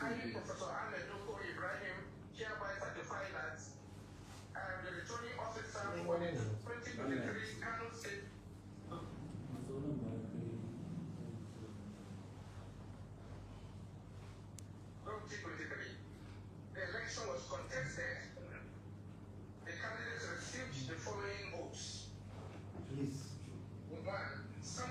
highly Professor Ahmed Nuko Ibrahim hereby certify that I am the returning officer for the 2023 Kano State. The election was contested. The candidates received the following votes. Please. One, some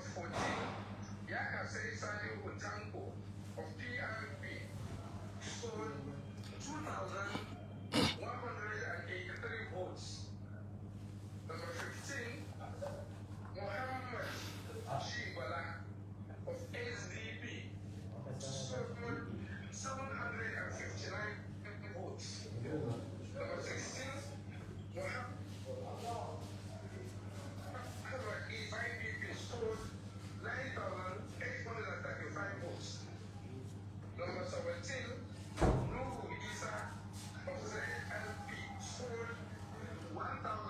of 14, Yaka says Sanyo Tanko of PRB so 2,000. cantar